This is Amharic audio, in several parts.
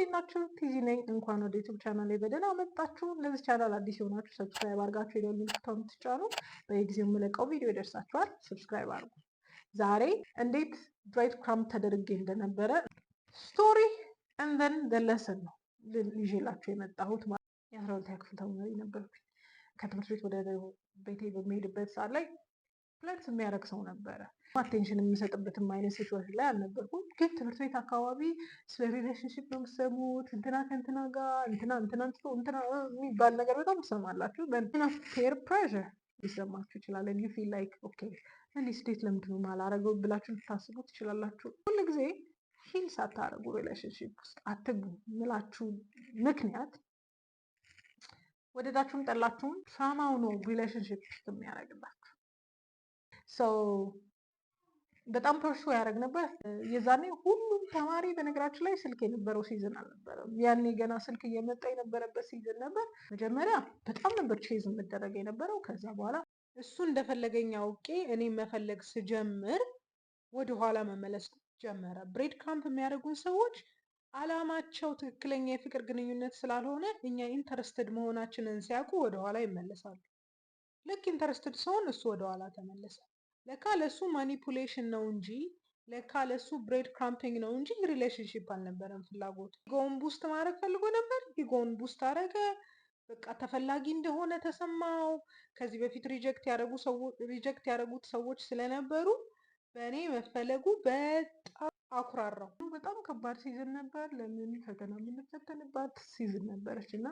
እንዴት ናችሁ? ቲዚ ነኝ። እንኳን ወደ ዩቱብ ቻናል በደህና መጣችሁ። ለዚህ ቻናል አዲስ የሆናችሁ ሰብስክራይብ አድርጋችሁ የደወል ምልክቱን የምትጫኑ በየጊዜው የምለቀው ቪዲዮ ይደርሳችኋል። ሰብስክራይብ አድርጉ። ዛሬ እንዴት ብሬድ ክራም ተደርጌ እንደነበረ ስቶሪ እንዘን ደለሰን ነው ይዤላችሁ የመጣሁት። የአስራ ሁለተኛ ክፍል ተማሪ ነበርኩኝ። ከትምህርት ቤት ወደ ቤቴ በሚሄድበት ሰዓት ላይ ፕላንስ የሚያደርግ ሰው ነበረ አቴንሽን የምሰጥበትም አይነት ሲቹዌሽን ላይ አልነበርኩም። ግን ትምህርት ቤት አካባቢ ስለ ሪሌሽንሽፕ ነው የምትሰሙት። እንትና ከእንትና ጋር እንትና እንትና እንትና የሚባል ነገር በጣም ትሰማላችሁ። ፔር ፕሬዠር ሊሰማችሁ ይችላል። ዩ ፊል ላይክ ኦኬ እኔ ስዴት ለምንድን ነው የማላረገው ብላችሁ ልታስቡ ትችላላችሁ። ጊዜ ሂል ሳታረጉ ሪሌሽንሽፕ ውስጥ አትግቡ ምላችሁ ምክንያት ወደዳችሁም ጠላችሁም ትራማው ነው ሪሌሽንሽፕ ውስጥ የሚያደርግላችሁ ሰው በጣም ፐርሱ ያደረግ ነበር። የዛኔ ሁሉም ተማሪ በነገራችን ላይ ስልክ የነበረው ሲዝን አልነበረም። ያኔ ገና ስልክ እየመጣ የነበረበት ሲዝን ነበር። መጀመሪያ በጣም ነበር ቼዝ የምደረግ የነበረው። ከዛ በኋላ እሱ እንደፈለገኝ አውቄ እኔ መፈለግ ስጀምር ወደኋላ መመለስ ጀመረ። ብሬድ ካምፕ የሚያደርጉን ሰዎች አላማቸው ትክክለኛ የፍቅር ግንኙነት ስላልሆነ እኛ ኢንተረስትድ መሆናችንን ሲያውቁ ወደኋላ ይመለሳሉ። ልክ ኢንተረስትድ ሲሆን እሱ ወደኋላ ተመለሰ። ለካ ለሱ ማኒፑሌሽን ነው እንጂ ለካ ለሱ ብሬድ ክራምፒንግ ነው እንጂ ሪሌሽንሽፕ አልነበረም ፍላጎቱ። ኢጎውን ቡስት ማድረግ ፈልጎ ነበር። ኢጎውን ቡስት አረገ። በቃ ተፈላጊ እንደሆነ ተሰማው። ከዚህ በፊት ሪጀክት ያደረጉት ሰዎች ስለነበሩ በእኔ መፈለጉ በጣም አኩራራው። በጣም ከባድ ሲዝን ነበር። ለምን ፈተና የምንፈተንባት ሲዝን ነበረች እና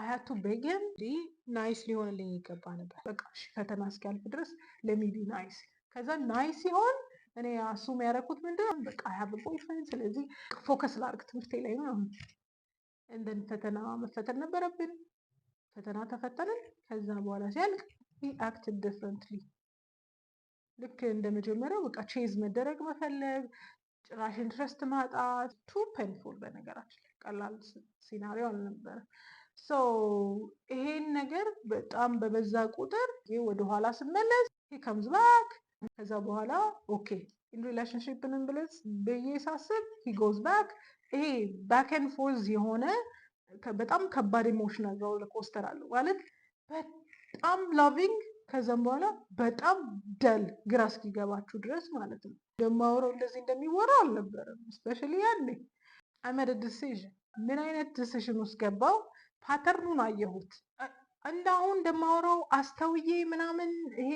አያቱ ቤገን ዲ ናይስ ሊሆንልኝ ይገባ ነበር። በቃ ፈተና እስኪያልፍ ድረስ ለሚቢ ናይስ። ከዛ ናይስ ሲሆን እኔ አሱም ያደረኩት ምንድን በቃ ሀብ ቦይፍሬንድ፣ ስለዚህ ፎከስ ላርግ ትምህርቴ ላይ ነው። እንደን ፈተና መፈተን ነበረብን። ፈተና ተፈተንን። ከዛ በኋላ ሲያልቅ አክት ዲፍረንትሊ ልክ እንደ መጀመሪያው በቃ ቼዝ መደረግ መፈለግ፣ ጭራሽ ኢንትረስት ማጣት ቱ ፔንፉል። በነገራችን ቀላል ሲናሪዮ አልነበረ። ሰው ይሄን ነገር በጣም በበዛ ቁጥር ወደኋላ ስመለስ ከምዝ ባክ ከዛ በኋላ ኦኬ ኢን ሪላሽንሽፕንም ብለስ ብዬ ሳስብ ሂጎዝ ባክ ይሄ ባክን ፎርዝ የሆነ በጣም ከባድ ኢሞሽናል ሮል ኮስተር አለው ማለት በጣም ላቪንግ ከዛም በኋላ በጣም ደል ግራ እስኪገባችሁ ድረስ ማለት ነው። እንደማወራው እንደዚህ እንደሚወራው አልነበረም። ስፔሻሊ ያኔ አመደ ዲሲዥን ምን አይነት ዲሲዥን ውስጥ ገባው ፓተርኑን አየሁት። እንደ አሁን እንደማወራው አስተውዬ ምናምን ይሄ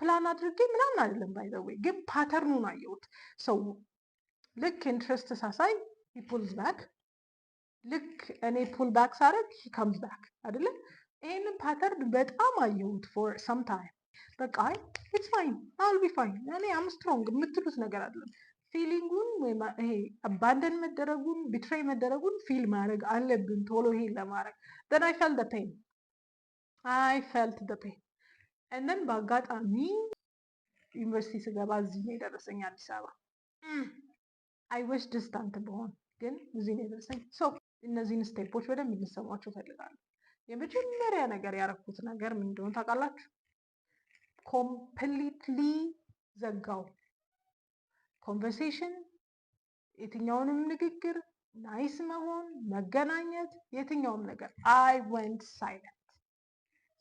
ፕላን አድርጌ ምናምን አይደለም። ባይዘወይ ግን ፓተርኑን አየሁት። ሰው ልክ ኢንትረስት ሳሳይ ፑልዝ ባክ፣ ልክ እኔ ፑል ባክ ሳረግ ከምስ ባክ አይደለም። ይህንን ፓተርን በጣም አየሁት ፎር ሰምታይም በቃ ኢትስ ፋይን አልቢ ፋይን እኔ አም ስትሮንግ የምትሉት ነገር አይደለም። ፊሊንጉን ወይም ይሄ አባንደን መደረጉን ቢትሬይ መደረጉን ፊል ማድረግ አለብን። ቶሎ ይሄን ለማድረግ ደን አይ ፈልት ፔን አይ ፈልት ፔን እነን በአጋጣሚ ዩኒቨርሲቲ ስገባ እዚህ ነው የደረሰኝ አዲስ አበባ። አይ ወሽ ዲስታንት በሆን ግን እዚህ ነው የደረሰኝ። እነዚህን ስቴፖች በደንብ እንሰሟቸው እፈልጋለሁ። የመጀመሪያ ነገር ያረኩት ነገር ምን እንደሆነ ታውቃላችሁ? ኮምፕሊትሊ ዘጋው ኮንቨርሴሽን፣ የትኛውንም ንግግር ናይስ መሆን፣ መገናኘት፣ የትኛውም ነገር አይ ወንት ሳይለንት።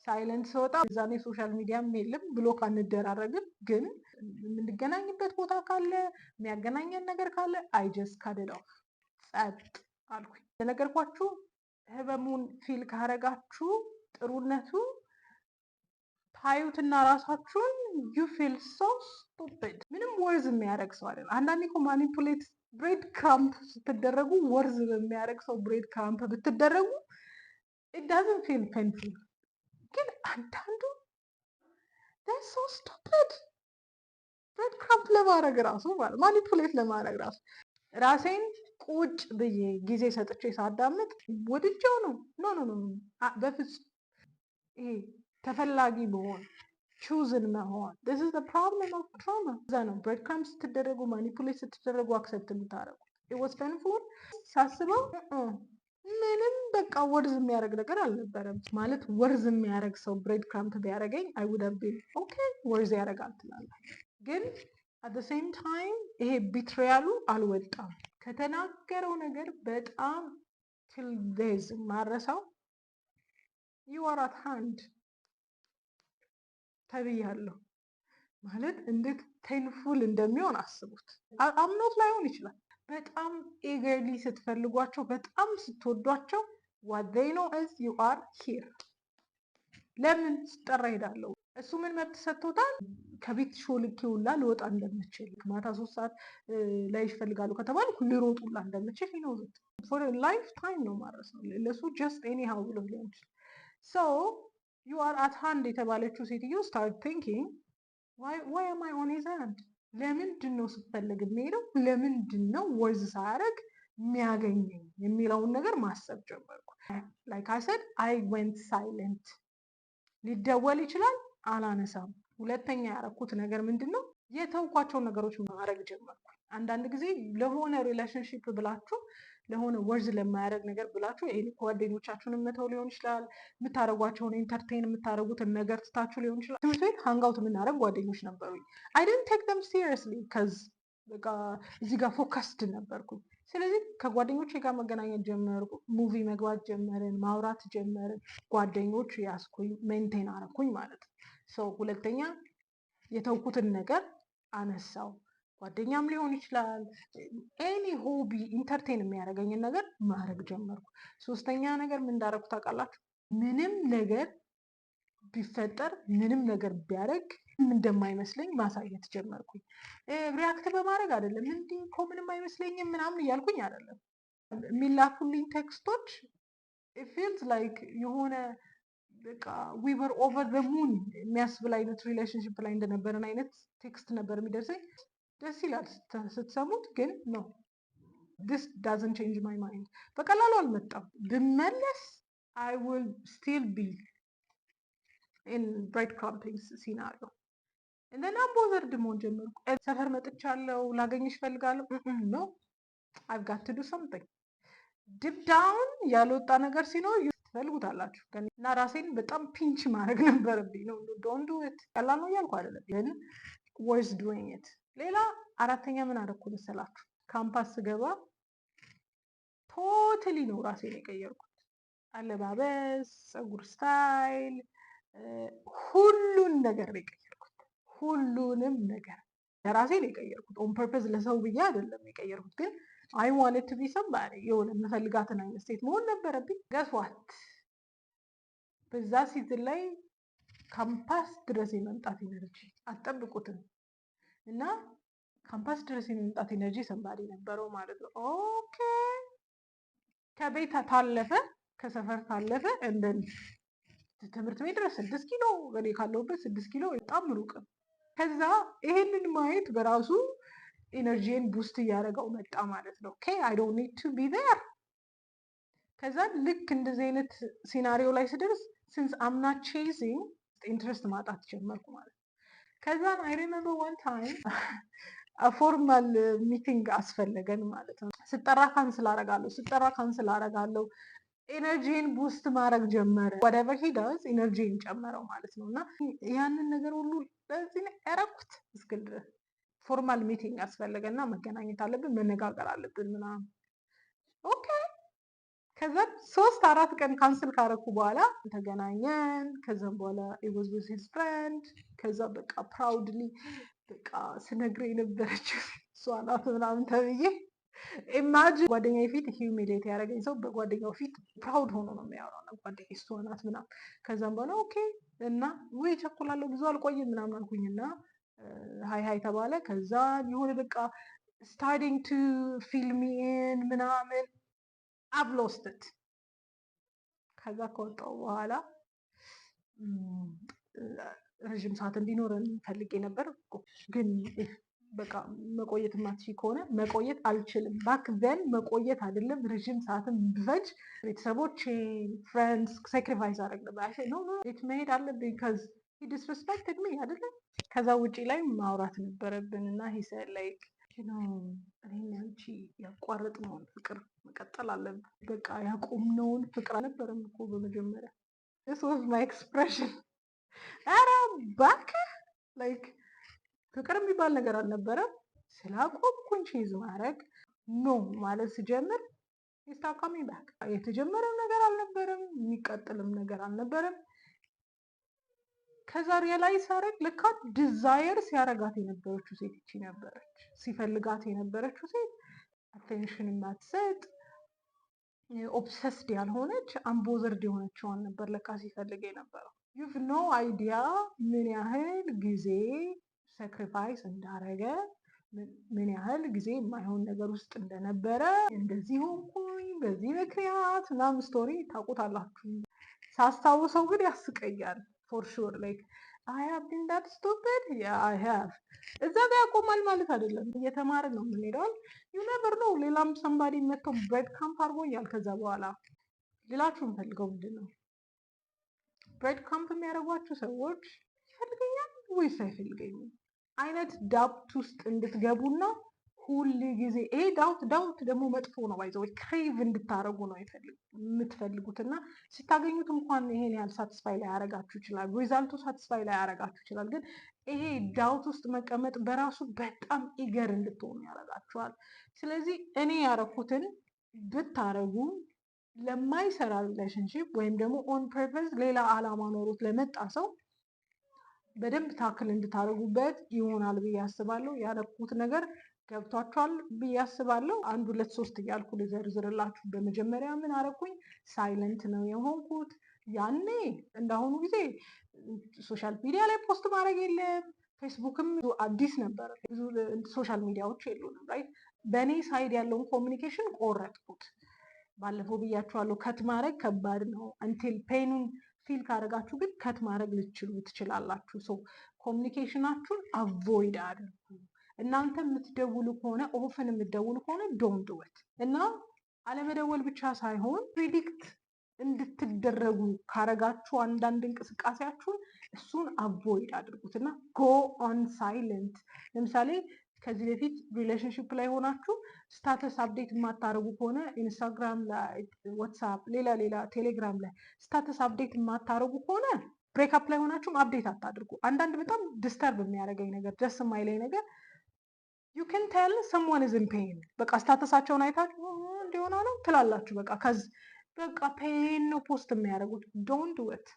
ሳይለንት ስወጣ እዛኔ ሶሻል ሚዲያም የለም ብሎ ካንደራረግም ግን የምንገናኝበት ቦታ ካለ የሚያገናኘን ነገር ካለ አይ ጀስት ካደዳው ጸጥ አልኩኝ። ለነገርኳችሁ ህመሙን ፊል ካረጋችሁ ጥሩነቱ ታዩትና ራሳችሁን ዩ ፊል ሶ ስቱፒድ። ምንም ወርዝ የሚያደርግ ሰው አይደለም። አንዳንዴ እኮ ማኒፑሌት ብሬድ ክራምፕ ስትደረጉ ወርዝ በሚያደርግ ሰው ብሬድ ክራምፕ ብትደረጉ ኢዳዝን ፊል ፔንፉል፣ ግን አንዳንዱ ሶ ስቱፒድ ብሬድ ክራምፕ ለማድረግ ራሱ ማለት ማኒፑሌት ለማድረግ ራሱ ራሴን ቁጭ ብዬ ጊዜ ሰጥቼ ሳዳምጥ ወድጀው ነው። ኖ ኖ ኖ በፍጹም ይሄ ተፈላጊ መሆን ቹዝን መሆን ስ ፕሮብለም ኦፍ ትራማ እዛ ነው። ብሬድ ክራም ስትደረጉ ማኒፑሌት ስትደረጉ አክሰፕት የምታደረጉት ወስ ፔንፉል ሳስበው ምንም በቃ ወርዝ የሚያደርግ ነገር አልነበረም። ማለት ወርዝ የሚያደርግ ሰው ብሬድ ክራምፕ ቢያደርገኝ አይ ውድ ቢ ኦኬ ወርዝ ያደርጋል ትላለህ። ግን አት ሴም ታይም ይሄ ቢትሪያሉ አልወጣም። ከተናገረው ነገር በጣም ትልዴዝ ማረሳው ዩአር አት ሃንድ ተብያለሁ ማለት እንዴት ቴንፉል እንደሚሆን አስቡት። አምኖት ላይሆን ይችላል። በጣም ኤገሊ ስትፈልጓቸው፣ በጣም ስትወዷቸው ዋት ዜይ ኖ ዩ አር ሂር። ለምን ስጠራ ሄዳለሁ። እሱ ምን መብት ሰጥቶታል? ከቤት ሾልኬ ሁላ ልወጣ እንደምችል ማታ ሶስት ሰዓት ላይ ይፈልጋሉ ከተባሉ ልሮጥ እንደምችል ይኖሩት ፎር ላይፍ ታይም ነው ማረስ ነው። ለሱ ጀስት ኤኒ ሀው ብሎ ሊሆን ይችላል። ዩ አር አት ሃንድ የተባለችው ሴትዮ ስታርት ቲንኪንግ ዋይ አም አይ ኦን ሂዝ ሃንድ ለምንድን ነው ስትፈልግ የሚሄደው ለምንድን ነው ወርዝ ሳያደርግ የሚያገኘኝ የሚለውን ነገር ማሰብ ጀመርኩ። ላይክ አሰድ አይ ወንት ሳይለንት። ሊደወል ይችላል አላነሳም። ሁለተኛ ያረኩት ነገር ምንድን ነው የተውኳቸውን ነገሮች ማድረግ ጀመርኩ። አንዳንድ ጊዜ ለሆነ ሪላሽንሽፕ ብላችሁ ለሆነ ወርዝ ለማያደርግ ነገር ብላችሁ ይሄ ጓደኞቻችሁን መተው ሊሆን ይችላል። የምታደረጓቸውን ኢንተርቴን የምታደረጉትን ነገር ትታችሁ ሊሆን ይችላል። ትምህርት ቤት ሀንጋውት የምናደረግ ጓደኞች ነበሩኝ። አይ ደንት ቴክ ደም ሲሪየስሊ ከዚ በቃ እዚህ ጋር ፎከስድ ነበርኩ። ስለዚህ ከጓደኞች ጋር መገናኘት ጀመርኩ። ሙቪ መግባት ጀመርን፣ ማውራት ጀመርን። ጓደኞች ያስኩኝ ሜንቴን አረኩኝ ማለት ነው። ሁለተኛ የተውኩትን ነገር አነሳው ጓደኛም ሊሆን ይችላል። ኤኒ ሆቢ ኢንተርቴን የሚያደርገኝን ነገር ማድረግ ጀመርኩ። ሶስተኛ ነገር ምን እንዳደረኩ ታውቃላችሁ? ምንም ነገር ቢፈጠር ምንም ነገር ቢያደርግ እንደማይመስለኝ ማሳየት ጀመርኩኝ። ሪያክት በማድረግ አይደለም እንዲህ እኮ ምንም አይመስለኝም ምናምን እያልኩኝ አይደለም። የሚላኩልኝ ቴክስቶች ፊልት ላይክ የሆነ በቃ ዊ ወር ኦቨር ዘ ሙን የሚያስብል አይነት ሪሌሽንሽፕ ላይ እንደነበረን አይነት ቴክስት ነበር የሚደርሰኝ። ደስ ይላል ስትሰሙት፣ ግን ኖ ዲስ ዳዝን ቼንጅ ማይ ማይንድ። በቀላሉ አልመጣም። ብመለስ አይ ውል ስቲል ቢ ኢን ብሬድ ክራምፒንግ ሲናሪዮ እንደና ናምቦ ዘርድ መሆን ጀመርኩ። ሰፈር መጥቻለሁ፣ ላገኝሽ እፈልጋለሁ። ኖ አይቭ ጋት ቱ ዱ ሰምቲንግ ዲፕ ዳውን ያልወጣ ነገር ሲኖር ትፈልጉታላችሁ። እና ራሴን በጣም ፒንች ማድረግ ነበረብኝ። ነው ዶንት ዱ ኢት ቀላል ነው እያልኩ አይደለም፣ ግን ወርዝ ዱዊንግ ኢት ሌላ አራተኛ ምን አደረኩ መሰላችሁ? ካምፓስ ስገባ ቶትሊ ነው ራሴን የቀየርኩት። አለባበስ፣ ፀጉር ስታይል፣ ሁሉን ነገር ነው የቀየርኩት። ሁሉንም ነገር ነው የቀየርኩት ኦን ፐርፐዝ ለሰው ብዬ አይደለም የቀየርኩት። ግን አይ ዋንት ቢ ሰምባሪ የሆነ የምፈልጋትን አይነት ስቴት መሆን ነበረብኝ። ገሷት በዛ ሲዝን ላይ ካምፓስ ድረስ የመምጣት ኤነርጂ አጠብቁትም። እና ካምፓስ ድረስ የመምጣት ኤነርጂ ሰንባዴ ነበረው ማለት ነው። ኦኬ ከቤት ታለፈ፣ ከሰፈር ታለፈ እንደን ትምህርት ቤት ድረስ ስድስት ኪሎ እኔ ካለሁበት ስድስት ኪሎ በጣም ሩቅ። ከዛ ይሄንን ማየት በራሱ ኢነርጂን ቡስት እያደረገው መጣ ማለት ነው። ኦኬ አይ ዶንት ኒድ ቱ ቢ ዜር። ከዛ ልክ እንደዚህ አይነት ሲናሪዮ ላይ ስደርስ ሲንስ አምና ቼዚንግ ኢንትረስት ማጣት ጀመርኩ ማለት ነው። ከዛም አይ ሪመምበር ዋን ታይም ፎርማል ሚቲንግ አስፈለገን ማለት ነው። ስጠራ ካንስል አረጋለሁ፣ ስጠራ ካንስል አረጋለሁ። ኤነርጂን ቡስት ማድረግ ጀመረ። ወደቨር ሂዳዝ ኤነርጂን ጨመረው ማለት ነው። እና ያንን ነገር ሁሉ በዚህ ላይ ያረኩት እስክል ድረስ ፎርማል ሚቲንግ ያስፈለገና መገናኘት አለብን፣ መነጋገር አለብን ምናምን ከዛ ሶስት አራት ቀን ካንስል ካረኩ በኋላ ተገናኘን። ከዛም በኋላ ኢወዝ ዊዝ ሂዝ ፍሬንድ ከዛ በቃ ፕራውድሊ በቃ ስነግር የነበረችው እሷ ናት ምናምን ተብዬ ኢማጂን ጓደኛ ፊት ሂዩሚሌት ያደረገኝ ሰው በጓደኛው ፊት ፕራውድ ሆኖ ነው የሚያወራው። ነው ጓደኛ እሷ ናት ምናምን። ከዛም በኋላ ኦኬ እና ወይ ቸኩላለሁ ብዙ አልቆይም ምናምን አልኩኝ እና ሀይ ሀይ ተባለ። ከዛ የሆነ በቃ ስታርቲንግ ቱ ፊልሚን ምናምን አብ ሎስት ኢት። ከዛ ከወጣው በኋላ ረዥም ሰዓት እንዲኖረን ፈልጌ ነበር ግን በቃ መቆየት ማትሽ ከሆነ መቆየት አልችልም። ባክ ዘን መቆየት አይደለም ረዥም ሰዓትም ብፈጅ ቤተሰቦች ፍሬንድስ ሳክሪፋይስ አደረግ ነበር። ቤት መሄድ አለብኝ ከዚ ዲስሪስፔክትድ ሚ አይደለም። ከዛ ውጪ ላይ ማውራት ነበረብን እና ሂሰ ላይክ እኔ አንቺ ያቋረጥነውን ፍቅር መቀጠል አለብን። በቃ ያቆምነውን ፍቅር አልነበረም እኮ በመጀመሪያ ስ ዋዝ ማይ ኤክስፕሬሽን። ኧረ እባክህ ላይክ ፍቅር የሚባል ነገር አልነበረም። ስላቆምኩኝ ቼዝ ማድረግ ኖ ማለት ስጀምር ኢስታካሚ ባክ የተጀመረም ነገር አልነበረም፣ የሚቀጥልም ነገር አልነበረም። ከዛ ሪላይዝ ሳደርግ ልካ ዲዛየር ሲያረጋት የነበረችው ሴት ይቺ ነበረች። ሲፈልጋት የነበረችው ሴት አቴንሽን የማትሰጥ ኦብሰስድ ያልሆነች አምቦዘርድ የሆነችዋን ነበር ለካ ሲፈልግ የነበረው። ዩቭ ኖ አይዲያ ምን ያህል ጊዜ ሰክሪፋይስ እንዳረገ ምን ያህል ጊዜ የማይሆን ነገር ውስጥ እንደነበረ እንደዚህ ሆንኩኝ በዚህ ምክንያት ምናምን ስቶሪ ታውቁታላችሁ። ሳስታውሰው ግን ያስቀያል ፎር ሹር ላይክ አይ አብዲን ዳት ስቱፒድ አይ ሃቭ እዛ ጋር ያቆማል ማለት አይደለም። እየተማርን ነው የምንሄደው። ዩ ኔቨር ኖ ሌላም ሰምባዲ መጥቶ ብሬድ ካምፕ አድርጎኛል። ከዛ በኋላ ሌላችሁ የምፈልገው ምንድን ነው? ብሬድ ካምፕ የሚያደርጓችሁ ሰዎች ይፈልገኛል ወይስ አይፈልገኝም አይነት ዳፕት ውስጥ እንድትገቡና ሁል ጊዜ ይሄ ዳውት ዳውት ደግሞ መጥፎ ነው። ባይዘ ክሬቭ እንድታረጉ ነው የምትፈልጉት እና ስታገኙት እንኳን ይሄን ያህል ሳትስፋይ ላይ ያረጋችሁ ይችላል፣ ሪዛልቱ ሳትስፋይ ላይ ያረጋችሁ ይችላል። ግን ይሄ ዳውት ውስጥ መቀመጥ በራሱ በጣም ኢገር እንድትሆኑ ያረጋችኋል። ስለዚህ እኔ ያረኩትን ብታረጉ ለማይሰራ ሪሌሽንሽፕ ወይም ደግሞ ኦን ፐርፐዝ ሌላ አላማ ኖሮት ለመጣ ሰው በደንብ ታክል እንድታደርጉበት ይሆናል ብዬ አስባለሁ። ያለኩት ነገር ገብቷችኋል ብዬ አስባለሁ። አንድ ሁለት ሶስት እያልኩ ልዘርዝርላችሁ። በመጀመሪያ ምን አረኩኝ? ሳይለንት ነው የሆንኩት። ያኔ እንዳሁኑ ጊዜ ሶሻል ሚዲያ ላይ ፖስት ማድረግ የለም ፌስቡክም ብዙ አዲስ ነበር፣ ብዙ ሶሻል ሚዲያዎች የሉንም። ራይት በእኔ ሳይድ ያለውን ኮሚኒኬሽን ቆረጥኩት። ባለፈው ብያችኋለሁ፣ ከት ማድረግ ከባድ ነው። እንቴል ፔኑን ፊል ካደረጋችሁ ግን ከት ማድረግ ልችሉ ትችላላችሁ። ሶ ኮሚኒኬሽናችሁን አቮይድ አድርጉ። እናንተ የምትደውሉ ከሆነ ኦፍን የምትደውሉ ከሆነ ዶን ድወት እና አለመደወል ብቻ ሳይሆን ፕሪዲክት እንድትደረጉ ካረጋችሁ አንዳንድ እንቅስቃሴያችሁን እሱን አቮይድ አድርጉት እና ጎ ኦን ሳይለንት ለምሳሌ ከዚህ በፊት ሪሌሽንሽፕ ላይ ሆናችሁ ስታተስ አፕዴት የማታደርጉ ከሆነ ኢንስታግራም ላይ፣ ዋትሳፕ፣ ሌላ ሌላ ቴሌግራም ላይ ስታተስ አፕዴት የማታደርጉ ከሆነ ብሬክአፕ ላይ ሆናችሁም አፕዴት አታድርጉ። አንዳንድ በጣም ዲስተርብ የሚያደርገኝ ነገር ደስ የማይለኝ ነገር ዩ ኬን ቴል ሰምዋን ኢዝ ኢን ፔን። በቃ ስታተሳቸውን አይታችሁ እንዲሆነ ነው ትላላችሁ። በቃ ከዚ በቃ ፔን ነው ፖስት የሚያደርጉት። ዶንት ዱ ኢት።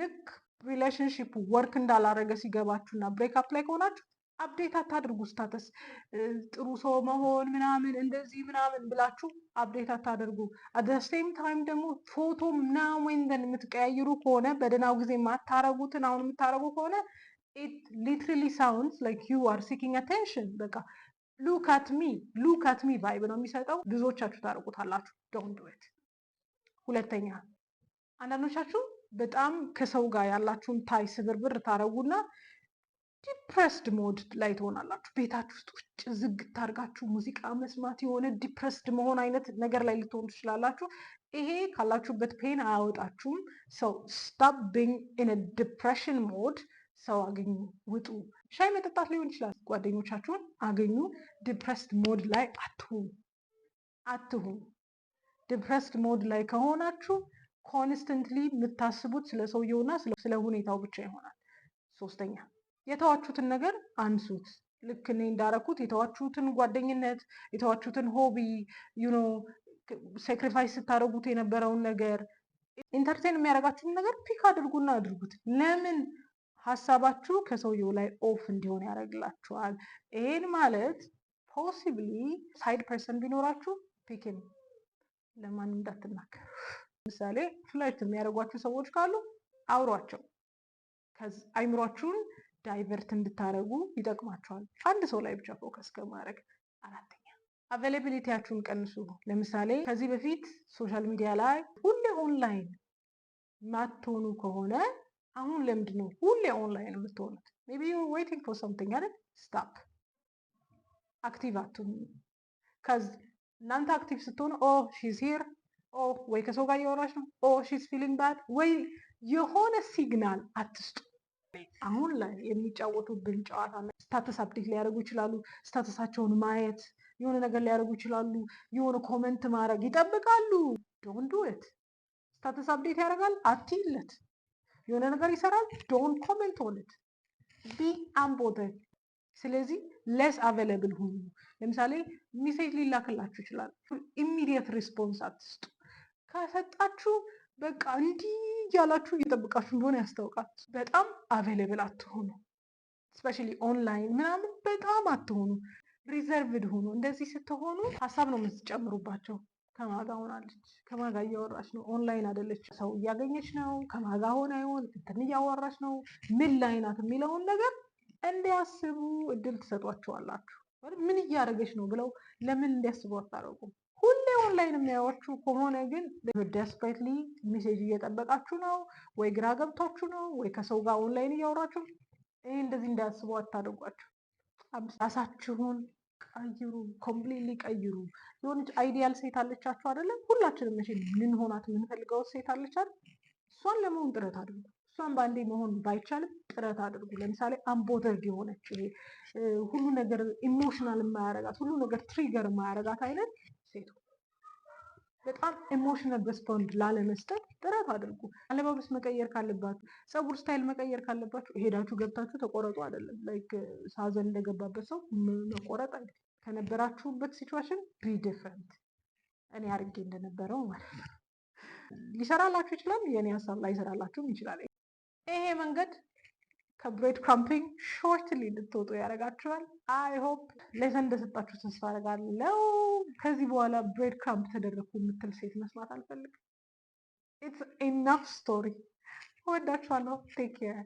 ልክ ሪሌሽንሽፕ ወርክ እንዳላረገ ሲገባችሁ እና ብሬክአፕ ላይ ከሆናችሁ አብዴት አታድርጉ። ስታተስ ጥሩ ሰው መሆን ምናምን እንደዚህ ምናምን ብላችሁ አብዴት አታደርጉ። አደሴም ታይም ደግሞ ፎቶ ምናምን የምትቀያይሩ ከሆነ በደህናው ጊዜ ማታረጉትን አሁን የምታረጉ ከሆነ ኢት ሊትራሊ ሳውንድስ ላይክ ዩ አር ሲኪንግ አቴንሽን። በቃ ሉክ አት ሚ ሉክ አት ሚ ቫይብ ነው የሚሰጠው። ብዙዎቻችሁ ታረጉታላችሁ። ዶንት ዱ ኢት። ሁለተኛ አንዳንዶቻችሁ በጣም ከሰው ጋር ያላችሁን ታይ ስብርብር ታረጉና ዲፕረስድ ሞድ ላይ ትሆናላችሁ። ቤታችሁ ውስጥ ውጭ ዝግ ታርጋችሁ ሙዚቃ መስማት የሆነ ዲፕረስድ መሆን አይነት ነገር ላይ ልትሆኑ ትችላላችሁ። ይሄ ካላችሁበት ፔን አያወጣችሁም። ሰው ስታፕ ቢንግ ኢን ዲፕሬሽን ሞድ ሰው አገኙ፣ ውጡ። ሻይ መጠጣት ሊሆን ይችላል። ጓደኞቻችሁን አገኙ። ዲፕረስድ ሞድ ላይ አትሁኑ አትሁኑ። ዲፕረስድ ሞድ ላይ ከሆናችሁ ኮንስተንትሊ የምታስቡት ስለ ሰውየውና ስለ ሁኔታው ብቻ ይሆናል። ሶስተኛ የተዋችሁትን ነገር አንሱት። ልክ እኔ እንዳረኩት የተዋችሁትን ጓደኝነት፣ የተዋችሁትን ሆቢ ዩኖ ሴክሪፋይስ ስታደረጉት የነበረውን ነገር ኢንተርቴን የሚያደርጋችሁን ነገር ፒክ አድርጉና አድርጉት። ለምን ሀሳባችሁ ከሰውየው ላይ ኦፍ እንዲሆን ያደርግላችኋል። ይሄን ማለት ፖሲብሊ ሳይድ ፐርሰን ቢኖራችሁ ፒክን ለማንም እንዳትናገር። ምሳሌ ፍላይት የሚያደርጓችሁ ሰዎች ካሉ አውሯቸው፣ አይምሯችሁን ዳይቨርት እንድታደረጉ ይጠቅማቸዋል። አንድ ሰው ላይ ብቻ ፎከስ ከማድረግ። አራተኛ አቬላቢሊቲያችሁን ቀንሱ። ለምሳሌ ከዚህ በፊት ሶሻል ሚዲያ ላይ ሁሌ ኦንላይን ማትሆኑ ከሆነ አሁን ለምንድን ነው ሁሌ ኦንላይን የምትሆኑት? ሜይ ቢ ዌይቲንግ ፎር ሰምቲንግ አይደል? ስታፕ አክቲቭ አትሆኑ። እናንተ አክቲቭ ስትሆኑ ኦ ሺዝ ሂር፣ ኦ ወይ ከሰው ጋር እያወራች ነው፣ ኦ ሺዝ ፊሊንግ ባድ ወይ የሆነ ሲግናል አትስጡ። አሁን ላይ የሚጫወቱብን ጨዋታ ስታተስ አፕዴት ሊያደርጉ ይችላሉ። ስታተሳቸውን ማየት የሆነ ነገር ሊያደርጉ ይችላሉ። የሆነ ኮመንት ማድረግ ይጠብቃሉ። ዶን ዱት። ስታተስ አፕዴት ያደርጋል፣ አትይለት። የሆነ ነገር ይሰራል፣ ዶን ኮመንት ሆነት ቢ አምቦተን። ስለዚህ ለስ አቬለብል ሁኑ። ለምሳሌ ሚሴጅ ሊላክላችሁ ይችላል። ኢሚዲየት ሪስፖንስ አትስጡ። ከሰጣችሁ በቃ እንዲህ እያላችሁ እየጠበቃችሁ እንደሆነ ያስታውቃል። በጣም አቬሌብል አትሆኑ፣ እስፔሻሊ ኦንላይን ምናምን በጣም አትሆኑ፣ ሪዘርቭድ ሆኑ። እንደዚህ ስትሆኑ ሀሳብ ነው የምትጨምሩባቸው። ከማጋ ሆናለች፣ ከማጋ እያወራች ነው፣ ኦንላይን አደለች ሰው እያገኘች ነው፣ ከማጋ ሆና ይሆን እንትን እያወራች ነው፣ ምን ላይ ናት የሚለውን ነገር እንዲያስቡ እድል ትሰጧቸዋላችሁ። ምን እያደረገች ነው ብለው ለምን እንዲያስቡ አታደርጉም። ኦንላይን የሚያዩዋችሁ ከሆነ ግን ደስፐትሊ ሜሴጅ እየጠበቃችሁ ነው ወይ ግራ ገብታችሁ ነው ወይ ከሰው ጋር ኦንላይን እያወራችሁ ይህ እንደዚህ እንዳያስቡ አታደርጓቸው። ራሳችሁን ቀይሩ፣ ኮምፕሊትሊ ቀይሩ። የሆነች አይዲያል ሴት አለቻችሁ አይደለም? ሁላችንም መቼ ልንሆናት የምንፈልገው ሴት አለቻል። እሷን ለመሆን ጥረት አድርጉ። እሷን በአንዴ መሆን ባይቻልም ጥረት አድርጉ። ለምሳሌ አምቦተርድ የሆነች ይሄ ሁሉ ነገር ኢሞሽናል የማያረጋት ሁሉ ነገር ትሪገር የማያረጋት አይነት በጣም ኢሞሽናል ሪስፖንድ ላለመስጠት ጥረት አድርጉ። አለባበስ መቀየር ካለባችሁ፣ ፀጉር ስታይል መቀየር ካለባችሁ ሄዳችሁ ገብታችሁ ተቆረጡ አይደለም። ላይክ ሳዘን እንደገባበት ሰው መቆረጥ አይደለም። ከነበራችሁበት ሲቹዌሽን ቢ ዲፍረንት። እኔ አድርጌ እንደነበረው ማለት ነው። ሊሰራላችሁ ይችላል። የእኔ ሀሳብ ላይሰራላችሁም ይችላል። ይሄ መንገድ ከብሬድ ክራምፒንግ ሾርትሊ እንድትወጡ ያደርጋችኋል። አይ ሆፕ ሌሰን እንደሰጣችሁ ተስፋ አደርጋለሁ። ከዚህ በኋላ ብሬድ ክራምፕ ተደረግኩ የምትል ሴት መስማት አልፈልግም። ኢትስ ኢናፍ ስቶሪ። እወዳችኋለሁ። ቴክ ኬር